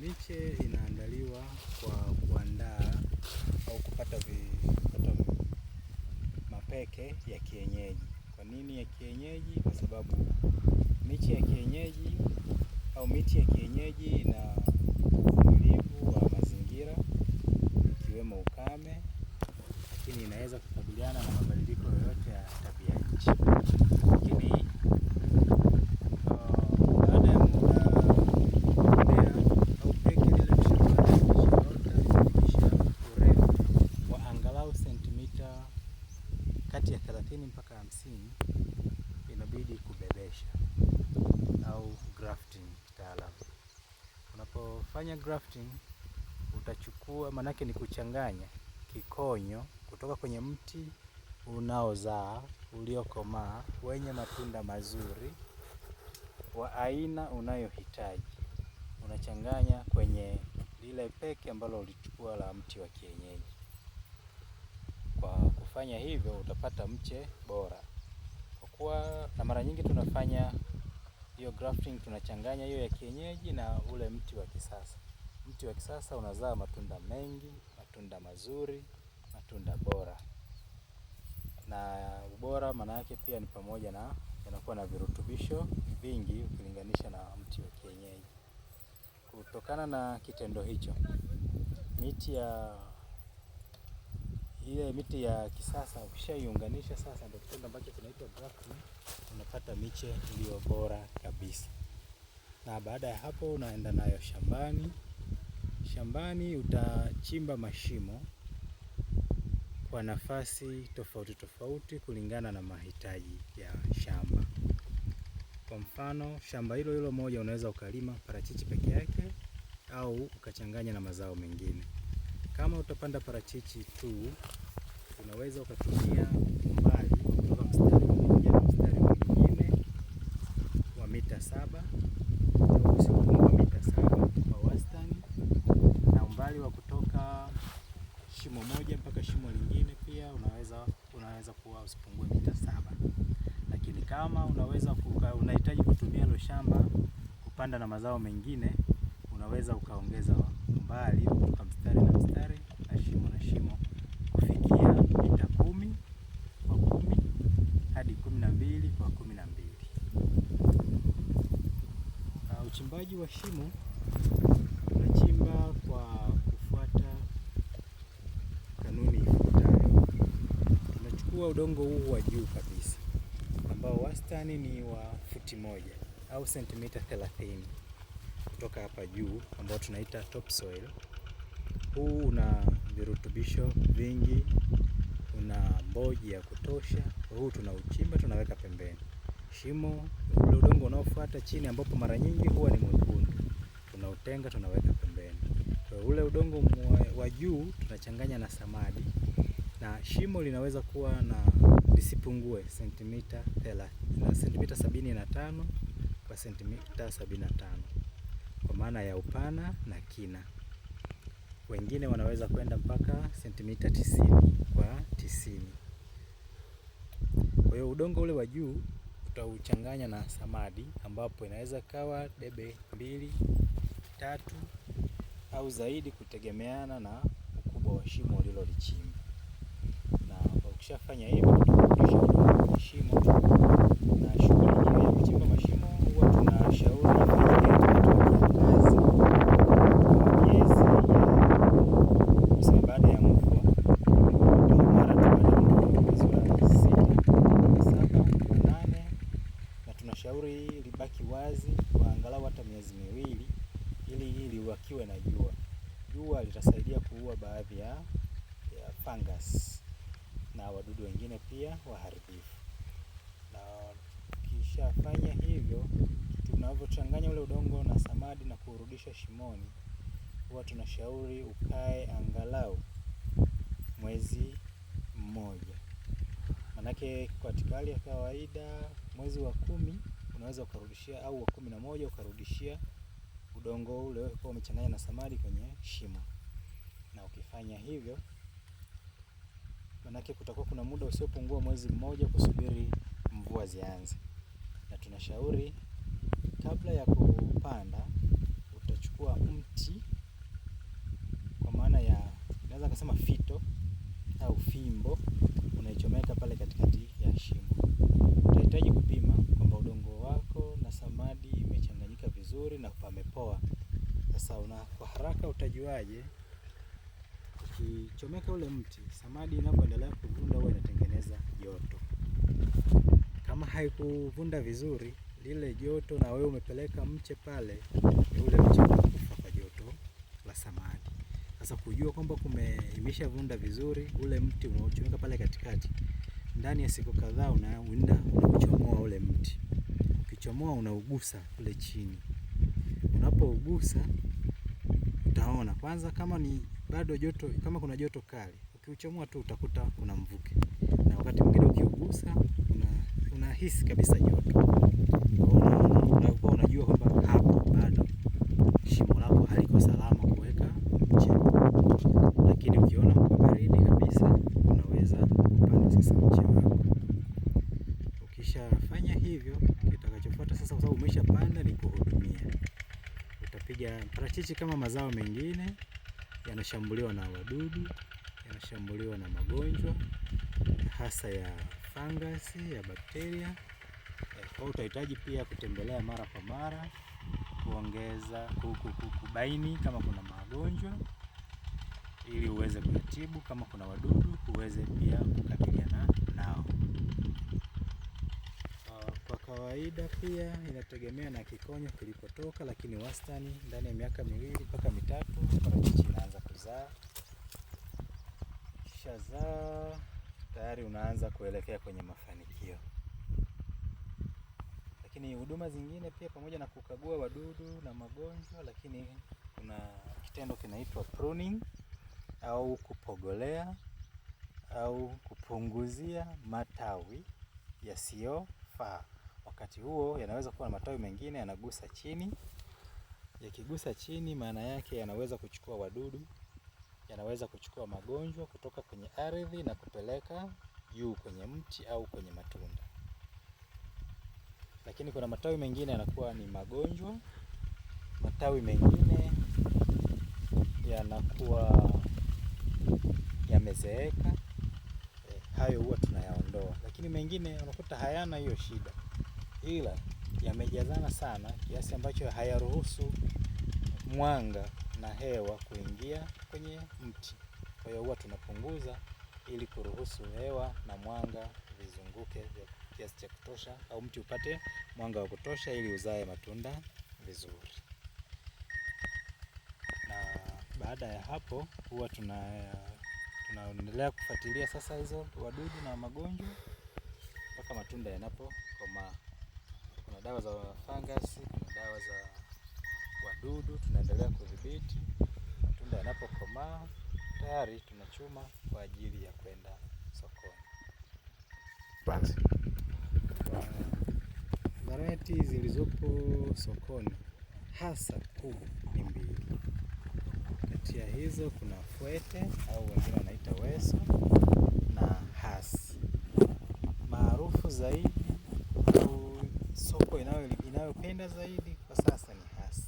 Miche inaandaliwa kwa kuandaa au kupata, vi, kupata mapeke ya kienyeji. Kwa nini ya kienyeji? Kwa sababu miche ya kienyeji au miti ya kienyeji ina uvumilivu wa mazingira ikiwemo ukame, lakini inaweza kukabiliana na mabadiliko yoyote ya tabia nchi. Lakini hamsini inabidi kubebesha au grafting kitaalamu. Unapofanya grafting utachukua, maanake ni kuchanganya kikonyo kutoka kwenye mti unaozaa uliokomaa wenye matunda mazuri wa aina unayohitaji, unachanganya kwenye lile peke ambalo ulichukua la mti wa kienyeji kwa kufanya hivyo utapata mche bora, kwa kuwa na mara nyingi tunafanya hiyo grafting, tunachanganya hiyo ya kienyeji na ule mti wa kisasa. Mti wa kisasa unazaa matunda mengi, matunda mazuri, matunda bora, na ubora maana yake pia ni pamoja na yanakuwa na virutubisho vingi ukilinganisha na mti wa kienyeji. Kutokana na kitendo hicho miti ya ile miti ya kisasa ukishaiunganisha sasa, ndio kitendo ambacho kinaitwa grafting, unapata miche iliyo bora kabisa. Na baada ya hapo unaenda nayo shambani. Shambani utachimba mashimo kwa nafasi tofauti tofauti kulingana na mahitaji ya shamba. Kwa mfano, shamba hilo hilo moja unaweza ukalima parachichi peke yake au ukachanganya na mazao mengine. Kama utapanda parachichi tu, unaweza ukatumia umbali kutoka mstari mmoja na mstari mwingine wa mita saba au mita saba kwa wastani, na umbali wa kutoka shimo moja mpaka shimo lingine pia unaweza, unaweza kuwa usipungue mita saba. Lakini kama unaweza kuka, unahitaji kutumia hilo shamba kupanda na mazao mengine, unaweza ukaongeza umbali mistari na shimo na shimo kufikia mita kumi kwa kumi hadi kumi na mbili kwa kumi na mbili. Uh, uchimbaji wa shimo unachimba kwa kufuata kanuni ifuatayo. Tunachukua udongo huu wa juu kabisa ambao wastani ni wa futi moja au sentimita 30 kutoka hapa juu ambao tunaita topsoil huu una virutubisho vingi, una mboji ya kutosha. Huu tunauchimba tunaweka pembeni, shimo ule udongo unaofuata chini, ambapo mara nyingi huwa ni mwekundu, tunautenga tunaweka pembeni. Kwa ule udongo wa juu tunachanganya na samadi, na shimo linaweza kuwa na lisipungue sentimita 30 na sentimita 75 kwa sentimita 75 kwa maana ya upana na kina wengine wanaweza kwenda mpaka sentimita tisini kwa tisini. Kwa hiyo udongo ule wa juu tutauchanganya na samadi, ambapo inaweza kawa debe mbili tatu au zaidi, kutegemeana na ukubwa wa shimo ulilolichimba. Na ukishafanya hivyo, shimo na shughuli kujiepusha shimoni, huwa tunashauri ukae angalau mwezi mmoja. Manake katika hali ya kawaida mwezi wa kumi unaweza ukarudishia au wa kumi na moja ukarudishia udongo ule ulikuwa umechanganya na samadi kwenye shimo, na ukifanya hivyo, manake kutakuwa kuna muda usiopungua mwezi mmoja kusubiri mvua zianze, na tunashauri kabla ya kupanda kuwa mti kwa maana ya naweza kusema fito au fimbo, unaichomeka pale katikati ya shimo. Utahitaji kupima kwamba udongo wako na samadi imechanganyika vizuri na pamepoa. Sasa una kwa haraka utajuaje? Ukichomeka ule mti, samadi inapoendelea kuvunda huwa inatengeneza joto. Kama haikuvunda vizuri lile joto, na wewe umepeleka mche pale, ni ule mche sasa kujua kwamba kumeimesha vunda vizuri, ule mti unaochomeka pale katikati, ndani ya siku kadhaa unaenda kuchomoa ule mti. Ukichomoa unaugusa kule chini, unapougusa utaona kwanza kama ni bado joto, kama kuna joto kali, ukiuchomoa tu utakuta kuna mvuke, na wakati mwingine ukiugusa unahisi una kabisa joto, unakuwa unajua kwamba hapo bado shimo lako haliko salama kuweka mche lakini ukiona uko baridi kabisa, unaweza kupanda sasa mche wako. Ukishafanya hivyo, kitakachofuata sasa, kwa sababu umeshapanda, ni kuhudumia. Utapiga parachichi kama mazao mengine, yanashambuliwa na wadudu, yanashambuliwa na magonjwa hasa ya fangasi, ya bakteria. Kwa utahitaji pia kutembelea mara kwa mara kuongeza kubaini kama kuna magonjwa ili uweze kuyatibu. Kama kuna wadudu uweze pia kukabiliana nao. Kwa kawaida pia inategemea na kikonyo kilipotoka, lakini wastani ndani ya miaka miwili mpaka mitatu parachichi inaanza kuzaa. Ikishazaa tayari unaanza kuelekea kwenye mafanikio. Lakini huduma zingine pia pamoja na kukagua wadudu na magonjwa, lakini kuna kitendo kinaitwa pruning au kupogolea au kupunguzia matawi yasiyofaa. Wakati huo yanaweza kuwa na matawi mengine yanagusa chini. Yakigusa chini, maana yake yanaweza kuchukua wadudu, yanaweza kuchukua magonjwa kutoka kwenye ardhi na kupeleka juu kwenye mti au kwenye matunda. Lakini kuna matawi mengine yanakuwa ni magonjwa, matawi mengine yanakuwa yamezeeka eh, hayo huwa tunayaondoa, lakini mengine unakuta hayana hiyo shida, ila yamejazana sana kiasi ambacho hayaruhusu mwanga na hewa kuingia kwenye mti. Kwa hiyo huwa tunapunguza ili kuruhusu hewa na mwanga vizunguke kiasi cha kutosha, au mti upate mwanga wa kutosha ili uzae matunda vizuri. Baada ya hapo huwa tunaendelea kufuatilia sasa hizo wadudu na magonjwa mpaka matunda yanapokomaa. Kuna dawa za fangasi, kuna dawa za wadudu, tunaendelea kudhibiti. Matunda yanapokomaa tayari tunachuma kwa ajili ya kwenda sokoni. Variety zilizopo sokoni hasa kubwa kati ya hizo kuna fwete au wengine wanaita weso na hasi. Maarufu zaidi au soko inayopenda zaidi kwa sasa ni hasi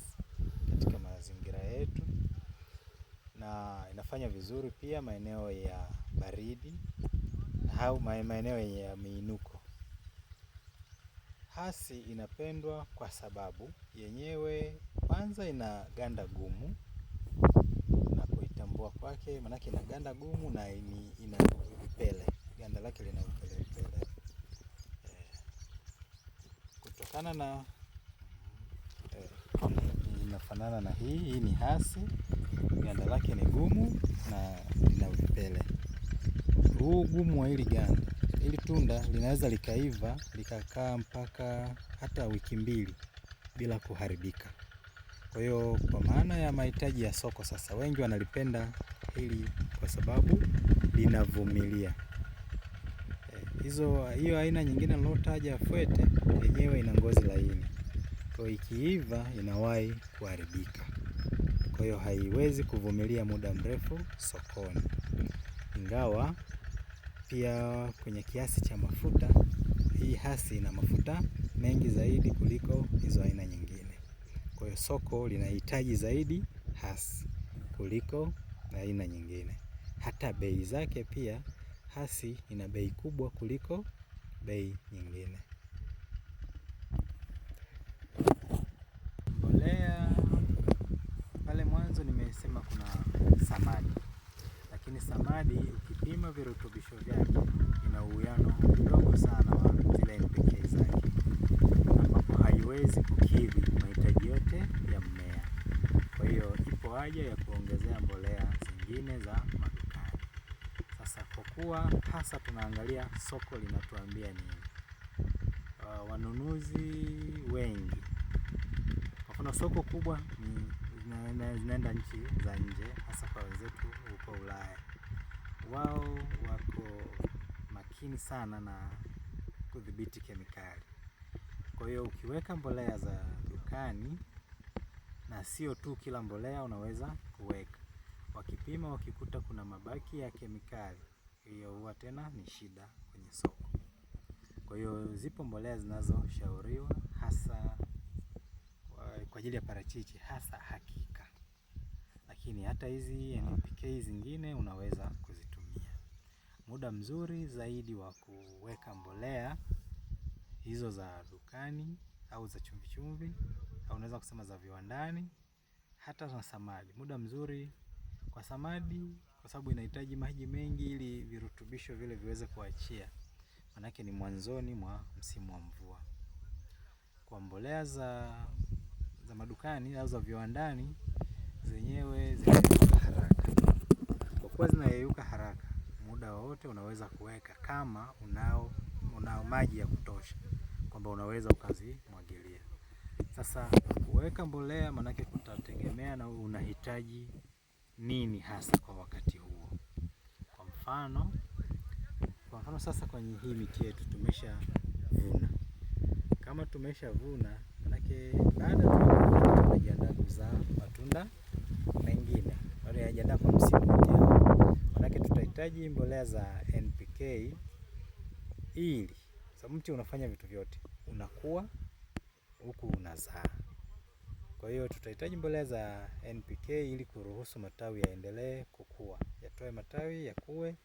katika mazingira yetu, na inafanya vizuri pia maeneo ya baridi au maeneo ya miinuko. Hasi inapendwa kwa sababu yenyewe kwanza ina ganda gumu kukohoa kwake, maanake ina ganda gumu na ini, ina vipele, ganda lake lina vipele vipele eh, kutokana na eh, inafanana na hii. Hii ni hasi, ganda lake ni gumu na lina vipele. Huu gumu wa hili ganda, hili tunda linaweza likaiva likakaa mpaka hata wiki mbili bila kuharibika. Kwa hiyo kwa maana ya mahitaji ya soko sasa, wengi wanalipenda hili kwa sababu linavumilia eh, hizo. hiyo aina nyingine nilotaja fwete, yenyewe ina ngozi laini, kwa hiyo ikiiva inawahi kuharibika, kwa hiyo haiwezi kuvumilia muda mrefu sokoni, ingawa pia kwenye kiasi cha mafuta hii hasi ina mafuta mengi zaidi kuliko hizo aina nyingine. Kwa hiyo soko linahitaji zaidi hasi kuliko aina nyingine. Hata bei zake pia hasi ina bei kubwa kuliko bei nyingine. Mbolea pale mwanzo nimesema kuna samadi, lakini samadi ukipima virutubisho vyake ina uwiano mdogo sana wa zile NPK zake haiwezi kukidhi mahitaji yote ya mmea. Kwa hiyo ipo haja ya kuongezea mbolea zingine za madukani. Sasa kwa kuwa hasa tunaangalia soko linatuambia nini, uh, wanunuzi wengi, kwa mfano soko kubwa ni zinaenda nchi za nje, hasa kwa wenzetu huko Ulaya. Wao wako makini sana na kudhibiti kemikali. Kwa hiyo ukiweka mbolea za dukani, na sio tu kila mbolea unaweza kuweka, wakipima wakikuta kuna mabaki ya kemikali, hiyo huwa tena ni shida kwenye soko. Kwa hiyo zipo mbolea zinazoshauriwa hasa kwa ajili ya parachichi hasa hakika, lakini hata hizi NPK zingine unaweza kuzitumia. Muda mzuri zaidi wa kuweka mbolea hizo za dukani au za chumvi chumvi au unaweza kusema za viwandani, hata za samadi. Muda mzuri kwa samadi, kwa sababu inahitaji maji mengi ili virutubisho vile viweze kuachia, manake ni mwanzoni mwa msimu wa mvua. Kwa mbolea za, za madukani au za viwandani, zenyewe zinayeyuka haraka. Kwa kuwa zinayeyuka haraka, muda wowote unaweza kuweka kama unao, unao maji ya kutosha kwamba unaweza ukazimwagilia. Sasa kuweka mbolea manake kutategemea na unahitaji nini hasa kwa wakati huo. Kwa mfano, kwa mfano sasa kwenye hii miti yetu tumesha vuna, kama tumesha vuna manake baada ya kujiandaa kuzaa matunda mengine, bado hayajaandaa kwa msimu ujao, manake tutahitaji mbolea za NPK ili Sababu mti unafanya vitu vyote, unakuwa huku unazaa. Kwa hiyo tutahitaji mbolea za NPK ili kuruhusu matawi yaendelee kukua, yatoe matawi yakue,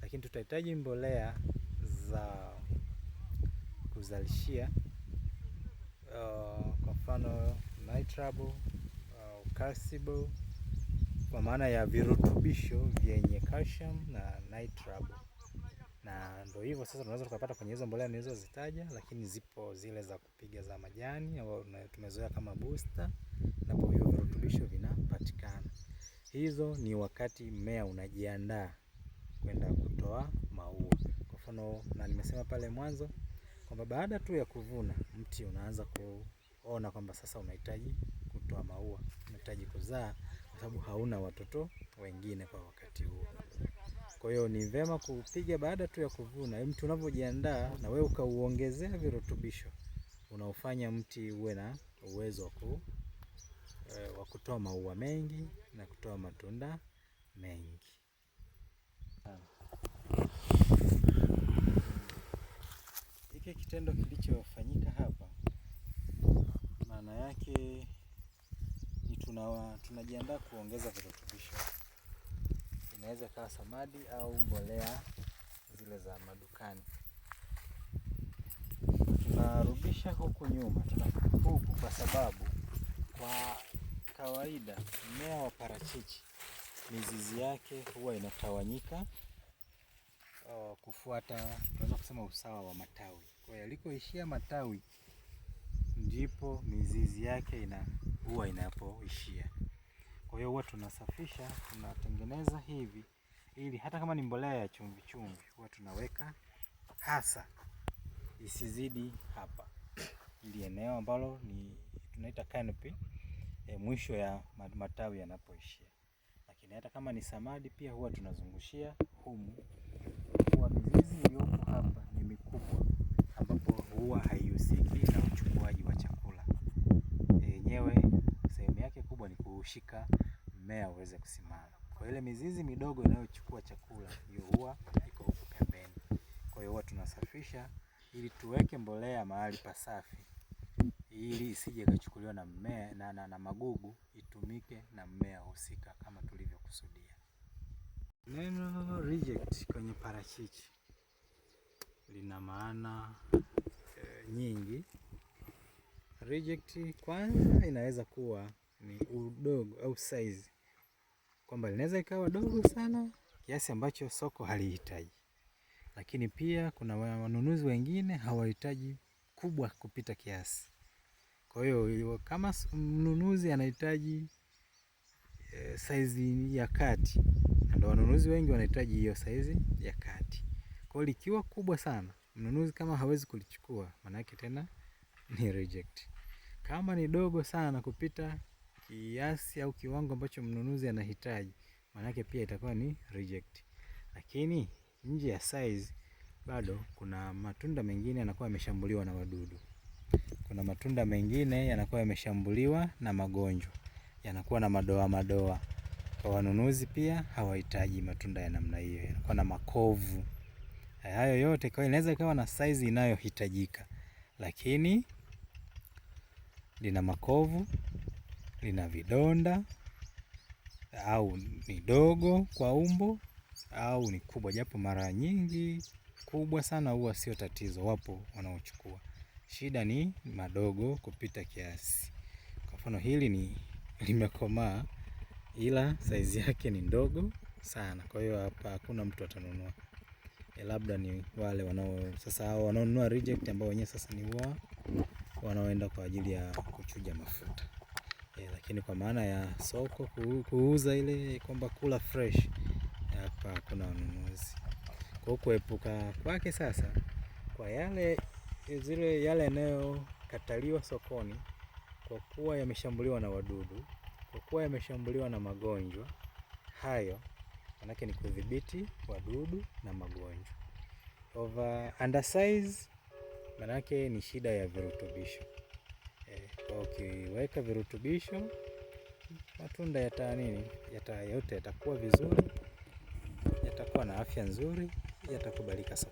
lakini tutahitaji mbolea za kuzalishia uh, kwa mfano nitrable au calciable, uh, kwa maana ya virutubisho vyenye calcium na nitrable na ndio hivyo sasa, tunaweza tukapata kwenye hizo mbolea nilizozitaja, lakini zipo zile za kupiga za majani au tumezoea kama booster, na kwa hiyo virutubisho vinapatikana. Hizo ni wakati mmea unajiandaa kwenda kutoa maua. Kwa mfano, na nimesema pale mwanzo kwamba baada tu ya kuvuna mti unaanza kuona kwamba sasa unahitaji kutoa maua, unahitaji kuzaa, kwa sababu hauna watoto wengine kwa wakati huo. Kwa hiyo ni vyema kupiga baada tu ya kuvuna, yaani mti unavyojiandaa na wewe ukauongezea virutubisho, unaofanya mti uwe na uwezo eh, wa kutoa maua mengi na kutoa matunda mengi. Hiki kitendo kilichofanyika hapa, maana yake ni tunajiandaa kuongeza virutubisho inaweza ikawa samadi au mbolea zile za madukani. Tunarudisha huku nyuma huku, kwa sababu kwa kawaida mmea wa parachichi mizizi yake huwa inatawanyika uh, kufuata tunaweza kusema usawa wa matawi. Kwa hiyo yalikoishia matawi ndipo mizizi yake ina huwa inapoishia. Kwa hiyo huwa tunasafisha, tunatengeneza hivi ili hata kama ni mbolea ya chumvi chumvi huwa tunaweka hasa isizidi hapa, ili eneo ambalo ni tunaita canopy e, mwisho ya matawi yanapoishia. Lakini hata kama ni samadi pia huwa tunazungushia humu, kwa mizizi iliyopo hapa ni mikubwa, ambapo huwa haihusiki na uchukuaji wa chakula yenyewe. Sehemu yake kubwa ni kushika mmea uweze kusimama. Kwa ile mizizi midogo inayochukua chakula hiyo huwa iko huku pembeni. Kwa hiyo huwa tunasafisha ili tuweke mbolea mahali pasafi ili isije ikachukuliwa na mmea na, na, na magugu itumike na mmea husika kama tulivyokusudia. Neno reject kwenye parachichi lina maana e, nyingi. Reject kwanza inaweza kuwa ni udogo au size kwamba linaweza ikawa dogo sana kiasi ambacho soko halihitaji, lakini pia kuna wanunuzi wengine hawahitaji kubwa kupita kiasi. Kwa hiyo kama mnunuzi anahitaji e, saizi ya kati, ndio wanunuzi wengi wanahitaji hiyo saizi ya kati. Kwa hiyo likiwa kubwa sana, mnunuzi kama hawezi kulichukua, maanake tena ni reject. Kama ni dogo sana kupita kiasi au kiwango ambacho mnunuzi anahitaji, maanake pia itakuwa ni reject. Lakini nje ya size bado kuna matunda mengine yanakuwa yameshambuliwa na wadudu, kuna matunda mengine yanakuwa yameshambuliwa na magonjwa, yanakuwa na madoa madoa. Kwa wanunuzi pia hawahitaji matunda ya namna hiyo, yanakuwa na makovu. Hayo yote kwa inaweza ikawa na size inayohitajika, lakini lina makovu lina vidonda au ni dogo kwa umbo au ni kubwa, japo mara nyingi kubwa sana huwa sio tatizo, wapo wanaochukua. Shida ni madogo kupita kiasi. Kwa mfano hili ni limekomaa, ila saizi yake ni ndogo sana, kwa hiyo hapa hakuna mtu atanunua. E, labda ni wale wanao sasa, hao wanaonunua reject ambao wenyewe sasa ni wao wanaoenda kwa ajili ya kuchuja mafuta e, lakini kwa maana ya soko kuuza ile kwamba kula fresh hapa kuna wanunuzi. Kwa hiyo kuepuka kwake sasa kwa yale zile yale yanayokataliwa sokoni kwa kuwa yameshambuliwa na wadudu, kwa kuwa yameshambuliwa na magonjwa hayo, manake ni kudhibiti wadudu na magonjwa. Over undersize manake ni shida ya virutubisho ukiweka okay, virutubisho matunda yata nini yata yote yatakuwa vizuri, yatakuwa na afya nzuri, yatakubalika sana.